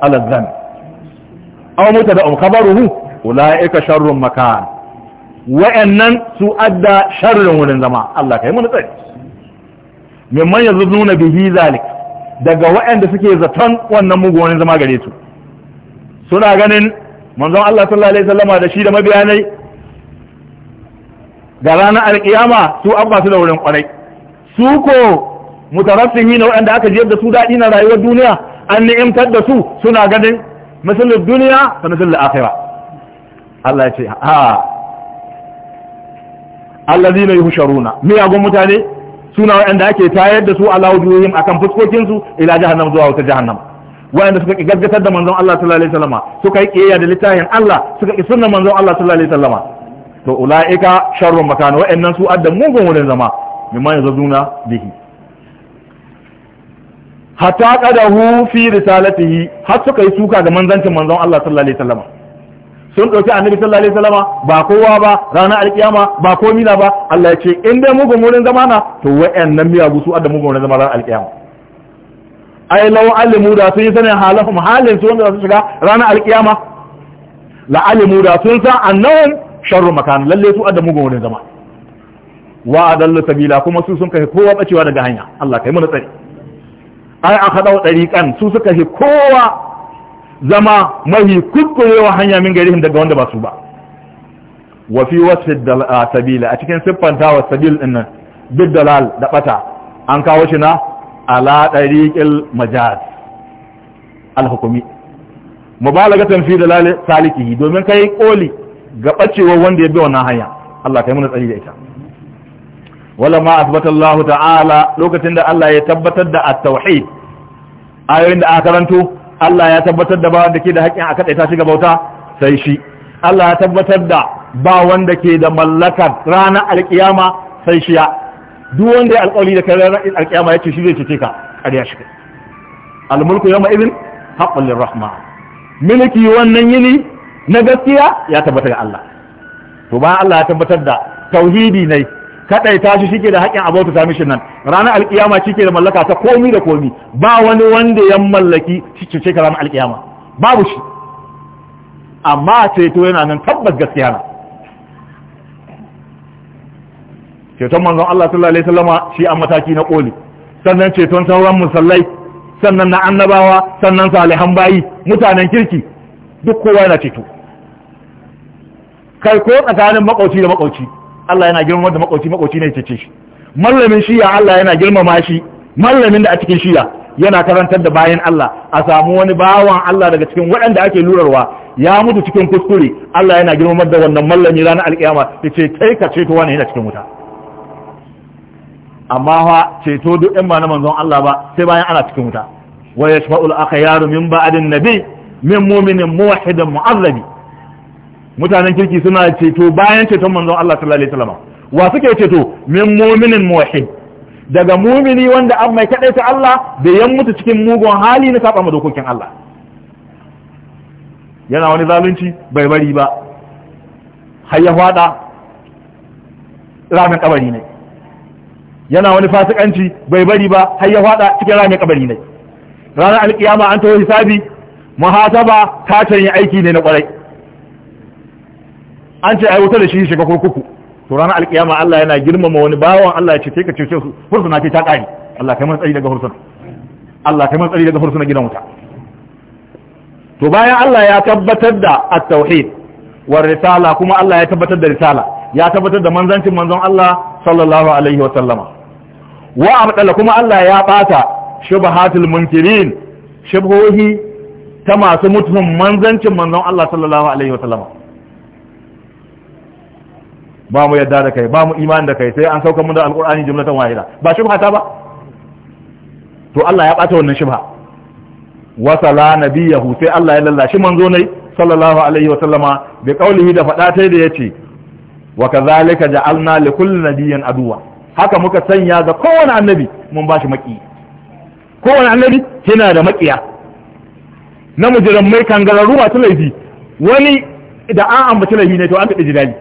ala dhan او mutada'un khabaruhu ulaika sharrun makan wa'annan su adda sharrin wurin zama Allah kai mun tsari mimman yazununa bihi zalik daga wa'anda suke zaton wannan mugu wurin zama gare su suna ganin manzon Allah sallallahu alaihi wasallama da shi da mabiyanai ga ranar alkiyama su abba su da wurin kwarai su ko mutarassihi na waɗanda aka jiyar da su daɗi na rayuwar duniya an ni'imtar da su suna ganin misalin duniya da misalin akhira Allah ya ce ha allazina yuhsharuna miyagun mutane suna wa'anda ake tayar da su ala wujuhihim akan fuskokin su ila jahannam zuwa wata jahannam wa'anda suka gaggatar da manzon Allah sallallahu alaihi wasallama suka yi kiyaya da littafin Allah suka ki sunnar manzon Allah sallallahu alaihi wasallama to ulaika sharrun makan wa'annan su adda mugun wurin zama mimma yazuna bihi hatta qadahu fi risalatihi har suka yi suka ga manzancin manzon Allah sallallahu alaihi wasallam sun dauki annabi sallallahu alaihi wasallam ba kowa ba ranar alkiyama ba komi na ba Allah ya ce in dai mugun wurin zama na to wayannan miyagu su adda mugun wurin zama ran alkiyama ai law alimu da sun yi sanin halahum halin su wanda za su shiga ranar alkiyama la alimu da sun san annahum sharru makan lalle su adda mugun wurin zama wa adallu sabila kuma su sun kai kowa bacewa daga hanya Allah kai mu na tsari ai an wa ɗariƙan su suka fi kowa zama mahi kukkurewa hanya min gari daga wanda ba su ba wa fi sabila a cikin siffantawa sabil din nan dalal da ɓata, an kawo shi na ala ɗariƙil majaz alhukumi mubalagatan da dalal salikihi domin kai koli ga ɓacewa wanda ya bi wannan hanya Allah kai muna tsari da ita wala ma asbata Allah ta'ala lokacin da Allah ya tabbatar da at-tauhid ayoyin da aka karanto Allah ya tabbatar da ba wanda ke da haƙƙin a kaɗaita shi ga bauta sai shi Allah ya tabbatar da ba wanda ke da mallakar ranar alƙiyama sai shi ya duk wanda ya alƙawari da kai ranar alƙiyama ya ce shi zai cece ka ƙarya shi al-mulku yawma idhin haqqul lirrahman miliki wannan yini na gaskiya ya tabbata ga Allah to bayan Allah ya tabbatar da tauhidi ne ta shi shike da haƙƙin abauta ta mishi nan ranar alƙiyama shike da mallaka ta komi da komi ba wani wanda ya mallaki shi ce ka ranar alƙiyama. babu shi amma ceto yana nan tabbas gaskiya na ceton manzon Allah sallallahu alaihi wasallama shi an mataki na koli sannan ceton sauran musallai sannan na annabawa sannan salihan bayi mutanen kirki duk kowa yana ceto kai ko tsakanin makauci da makauci Allah yana girmama da makoci makoci ne ce shi mallamin shiya Allah yana girmama shi mallamin da a cikin shiya yana karantar da bayan Allah a samu wani bawan Allah daga cikin waɗanda ake lurarwa ya mutu cikin kuskure Allah yana girmama da wannan mallami ranar alkiyama ya ce kai ka ceto wani yana cikin wuta amma fa ceto duk ɗan ba na manzon Allah ba sai bayan ana cikin wuta wa yashfa'ul akhyaru min ba'din nabi min mu'minin muwahhidin mu'azzabi mutanen kirki suna ceto bayan ceton manzon Allah sallallahu alaihi wasallam wa suke ceto min mu'minin muwahhid daga mumini wanda an mai kadai ta Allah da yan mutu cikin mugun hali na saba dokokin Allah yana wani zalunci bai bari ba har ya fada ramin kabari ne yana wani fasikanci bai bari ba har ya fada cikin ramin kabari ne ranar alkiyama an tawo hisabi muhasaba ta canye aiki ne na kwarai an ce ai wuta da shi shiga kurkuku to ranar alkiyama Allah yana girmama wani bawan Allah ya ce sai ka ce su hursuna ce ta kare Allah kai matsari daga hursuna Allah kai matsari daga hursuna gidan wuta to bayan Allah ya tabbatar da at-tauhid wa risala kuma Allah ya tabbatar da risala ya tabbatar da manzancin manzon Allah sallallahu alaihi wa sallama wa amdala kuma Allah ya bata shubhatul munkirin shubhohi ta masu mutum manzancin manzon Allah sallallahu alaihi wa sallama ba mu yadda da kai ba mu imani da kai sai an sauka mun da alqur'ani jumlatan wahida ba shubha ta ba to Allah ya bata wannan shubha wa sala nabiyahu sai Allah ya lallashi manzo nai? sallallahu alaihi wa sallama bi qaulihi da fada tai da yace wa kadhalika ja'alna li kulli nabiyyin aduwa haka muka sanya ga kowane annabi mun ba shi maki kowane annabi yana da makiya na mujiran mai kangararru masu laifi wani da an ambaci laifi ne to an taɓa jidali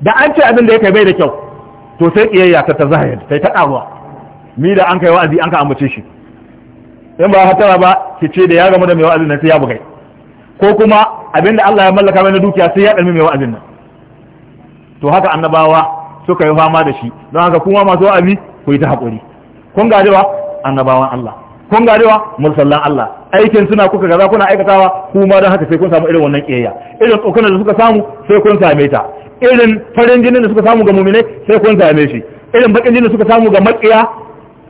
da an ce abin da ya kai bai da kyau to sai kiyayya ta tazahir sai ta karuwa mi da an kai wa'azi an ka ambace shi in ba hatara ba ki ce da ya gama da mai wa'azin nan sai ya bugai ko kuma abin da Allah ya mallaka mai na dukiya sai ya dalmi mai wa'azin nan to haka annabawa suka yi fama da shi don haka kuma masu wa'azi ku yi ta haƙuri kun wa? annabawan Allah kun gajewa mursallan Allah aikin suna kuka gaza kuna aikatawa kuma don haka sai kun samu irin wannan kiyayya irin tsokanar da suka samu sai kun same ta irin farin jinin da suka samu ga mu'minai sai kun zame shi irin bakin jinin da suka samu ga makiya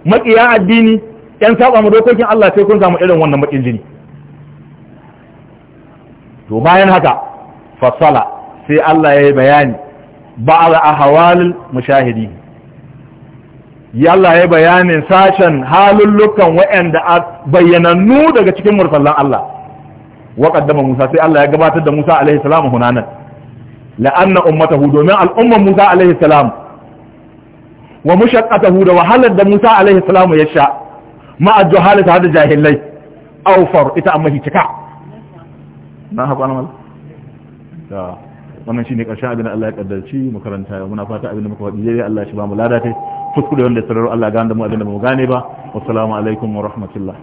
makiya addini yan saba mu dokokin Allah sai kun zama irin wannan bakin jini to bayan haka fasala sai Allah ya yi bayani ba'al ahwalil mushahidi yalla ya yi bayanin sashen halullukan waɗanda a nu daga cikin mursallan Allah wa qaddama Musa sai Allah ya gabatar da Musa alaihi salamu hunanan la'anna ummatahu domin al'ummar Musa alaihi salam wa mushaqqatahu da wahalar da Musa alaihi salam ya sha ma ajhala ta da jahilai awfar ita amma shi cika na haƙa nan wannan shine karshen abin da Allah ya kaddarci mu karanta muna fata abin da muka faɗi dai Allah shi ba mu ladatai kuskure wanda sararo Allah gane da mu abin da mu gane ba wassalamu alaikum wa rahmatullah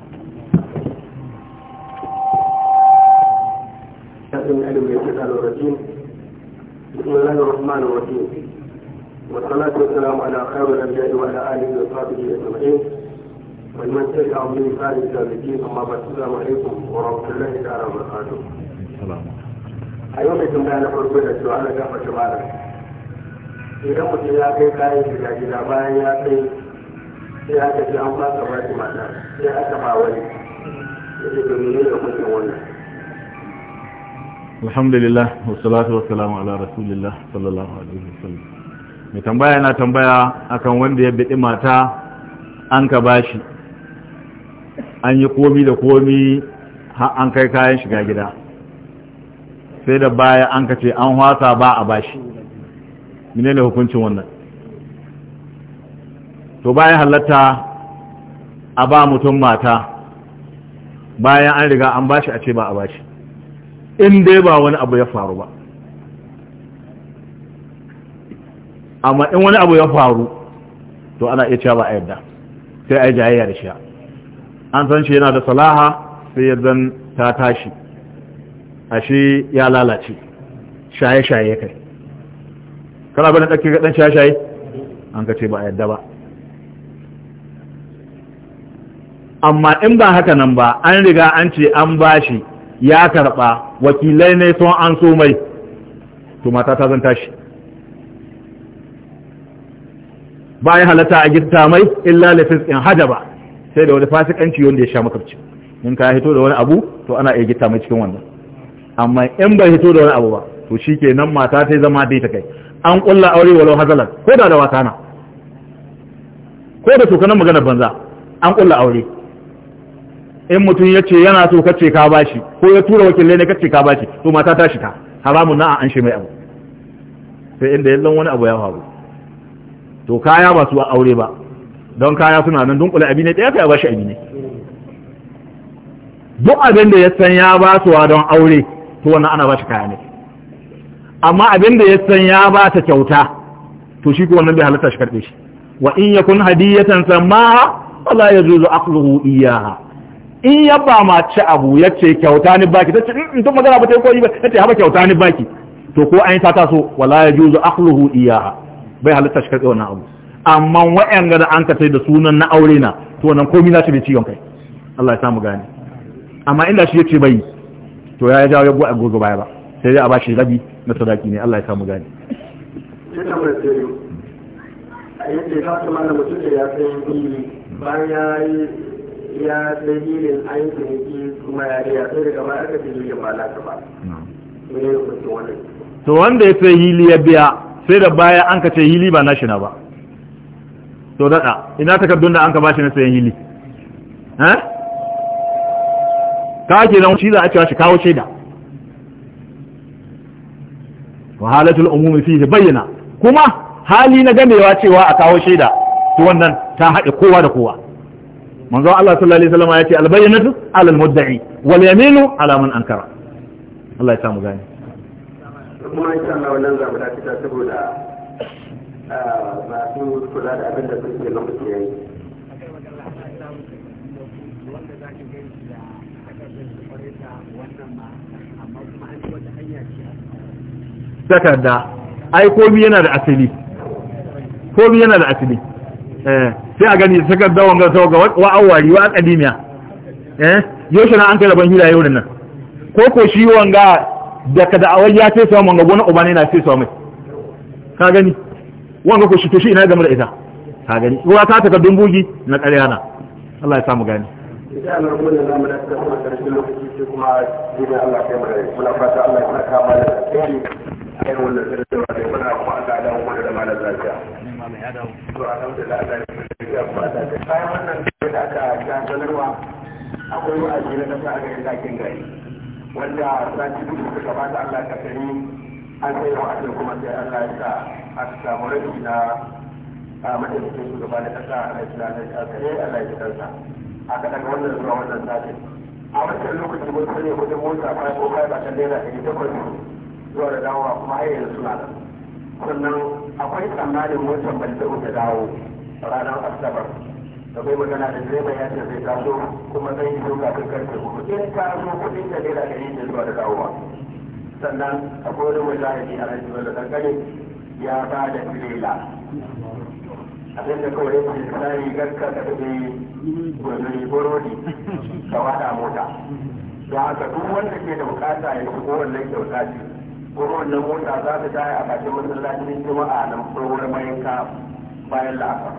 بسم الله الرحمن الرحيم والصلاة والسلام على خير الأنبياء وعلى آله وصحبه أجمعين ومن تبعهم بإحسان إلى الدين أما بعد السلام عليكم ورحمة الله تعالى وبركاته. السلام. عليكم. تنبأ أنا فرقوا إلى السؤال كما تبارك. إذا قلت يا أخي كاي في إذا باي يا أخي يا كي أنفاس أبوي ماذا يا أتباع ولي. إذا كنت يا كي alhamdulillah wasalatu wasalamu ala rasulillah sallallahu alaihi wasallam mai tambaya na tambaya akan wanda ya bidi mata an ka bashi an yi komi da komi har an kai kayan shiga gida sai da baya an ka ce an hwasa ba a bashi ne hukuncin wannan to bayan halatta a ba mutum mata bayan an riga an bashi a ce ba a bashi in dai ba wani abu ya faru ba amma in wani abu ya faru to ana iya cewa ba a yadda sai a yi jayayya da shi an san shi yana da salaha sai ya zan ta tashi ashe ya lalace shaye-shaye kai kana bane ɗauke ga ɗan shaye-shaye an ka ce ba a yadda ba amma in ba haka nan ba an riga an ce an bashi ya karɓa wakilai ne sun an so mai to mata ta zan tashi ba ya halatta a gita mai illa lafis in hajaba sai da wani fasikanci wanda ya sha makarci in ka hito da wani abu to ana iya gita mai cikin wannan amma in bai hito da wani abu ba to shi ke nan mata ta zama dai ta kai an kulla aure walau hazalar ko da da wata na ko da to kanan magana banza an kulla aure in mutum ya ce yana so kace ka bashi ko ya tura wakilai ne kace ka bashi to mata ta shiga haramun na an shi mai abu sai inda yallon wani abu ya faru to kaya ba su aure ba don kaya suna nan dunkule abi ne daya ka bashi abi ne duk abin da ya san ya ba su don aure to wannan ana bashi kaya ne amma abin da ya san ya ba ta kyauta to shi ko wannan bai halatta shi karbe shi wa in yakun hadiyatan samaha wala yajuzu aqluhu iyaha in ya ba ci abu ya ce kyauta ni baki ta ce in mm, tun mm, magana ba ta yi koyi ba ta ce haɓa kyauta ni baki to ko an yi ta taso wala ya juzu akhluhu iyaha bai halitta shi karɓe wannan abu amma wa'yan gada an ka sai da sunan na aure na to nan komi na shi bai ciwon kai Allah ya samu gane amma inda shi ya ce bai to ya jawo ya buwa gozo baya ba sai dai a ba shi rabi na sadaki ne Allah ya samu gane a yadda ya kasa mana mutum da ya kai bayan ya yi ya dalilin an yi kuma yariya sai daga ba aka jirgin ba na ba to wanda ya sai hili ya biya sai da baya an ka ce hili ba nashi na ba to daɗa ina takardun da an ka bashi na sayan hili eh ka ke nan shi za a cewa shi kawo shaida wa halatul umumi shi bayyana kuma hali na gamewa cewa a kawo shaida to wannan ta haɗe kowa da kowa manzo Allah sallallahu alaihi wasallam ya ce albayyinatu ala almudda'i wal yaminu ala man ankara Allah ya samu gani kuma insha Allah wannan zamu da fita saboda ah, masu kula da abin da suke lokaci yayi takarda ai komi yana da asali komi yana da asali eh sai a gani sakar dawon ga ga wa'awari wa akademiya eh yoshi na an kai rabon hira yau nan ko ko shi wanga da ka da'awar ya sai samu wanga gona uba na sai samu ka gani wanga ko shi to shi ina game da ita ka gani ruwa ta taka dumbugi na ƙarya Allah ya samu gani da mu da a da bayan wannan da aka ta sanarwa akwai wa'azi na kasa a garin dakin gari wanda sati duk suka gabata Allah ka sani an sai wa'azin kuma sai Allah ya sa a samu rabi na majalisun shugaba na kasa a Islamin kare Allah ya kansa aka ga wannan zuwa wannan sati a wancan lokaci mun sani kudin mota kai ko kai ba ta naira ɗari takwas zuwa da dawowa kuma har yanzu suna nan sannan akwai tsammanin motar ban da dawo ranar asabar da bai magana da zai ya ce zai taso kuma zai yi doka kan karfe hudu in ka zo kudin da naira ɗari da zuwa da dawowa sannan akwai wani mujahidi a rajin da dangane ya ba da tirela abin da kawai yake tsari garka da kake gwanzuri burodi ka wada mota don haka duk wanda ke da bukata ya shigo wannan kyauta ce kuma wannan mota za ta taya a bakin masallacin juma'a nan wurin mayanka bayan la'afar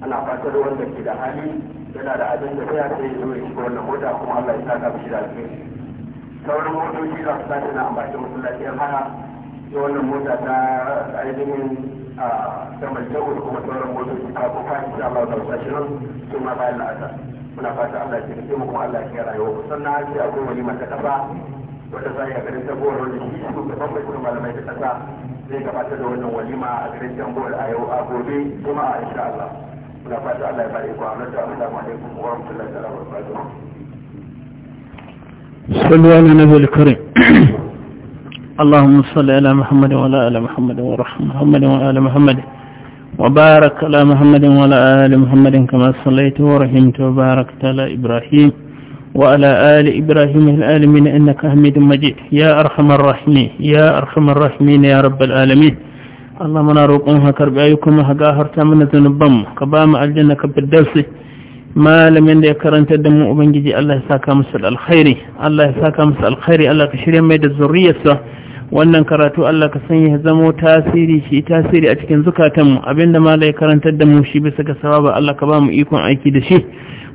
ana fatar wanda ke da hali yana da abin da ya sai zuwa ya shiga wannan mota kuma Allah ya saka shi da alheri sauran motoci za su tashi na ambaci masallaci an hana ta wannan mota ta ainihin a samar jagor kuma sauran motoci ta ko fa insha Allah za su tashi nan su ma bayan la'asa muna fata Allah ya taimake kuma Allah ya kiyaye rayuwa sannan har sai akwai wani mata kafa wata sai a garin sabuwar wanda shi shugaban bai kuma malamai ta kasa zai gabatar da wannan walima a garin sabuwar a yau a gobe kuma insha Allah صلوا على النبي الكريم اللهم صل على محمد وعلى آل محمد ورحمة محمد ال محمد وبارك على محمد وعلى آل محمد كما صليت ورحمت وباركت على إبراهيم وعلى آل إبراهيم العالمين إنك حميد مجيد يا أرحم الراحمين يا أرحم الراحمين يا رب العالمين Allah muna roƙon ka karbi ayyukan mu ka gafarta mana zanuban mu ka ba mu aljanna ka firdausi malamin da ya karanta da mu ubangiji Allah ya saka musu alkhairi Allah ya saka musu alkhairi Allah ka shirya mai da zuriyarsa wannan karatu Allah ka sanya ya zamo tasiri shi tasiri a cikin zukatan mu abinda malai karantar da mu shi bisa ga sababa. Allah ka ba mu ikon aiki da shi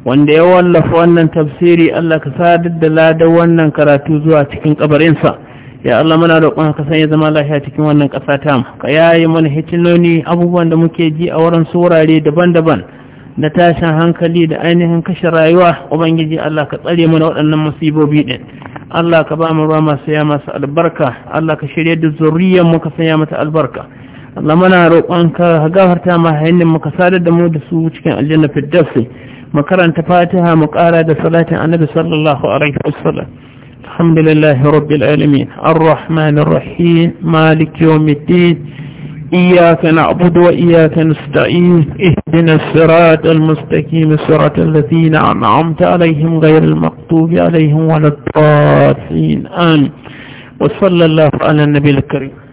wanda ya wallafa wannan tafsiri Allah ka sadar da ladan wannan karatu zuwa cikin kabarinsa ya Allah muna roƙon ka sanya zama lafiya cikin wannan ƙasa ta ka yayi mana hitinoni abubuwan da muke ji a wurin surare daban-daban da tashin hankali da ainihin kashe rayuwa ubangiji Allah ka tsare mana waɗannan musibobi din Allah ka ba mu ruwa masu ya masu albarka Allah ka shirye da zuriyar mu ka sanya mata albarka Allah muna roƙon ka gafarta ma hayyin mu ka sadar da mu da su cikin aljanna firdausi mu karanta fatiha mu ƙara da salatin annabi sallallahu alaihi wasallam الحمد لله رب العالمين الرحمن الرحيم مالك يوم الدين إياك نعبد وإياك نستعين اهدنا الصراط المستقيم صراط الذين أنعمت عليهم غير المقطوب عليهم ولا الضالين آمين وصلى الله على النبي الكريم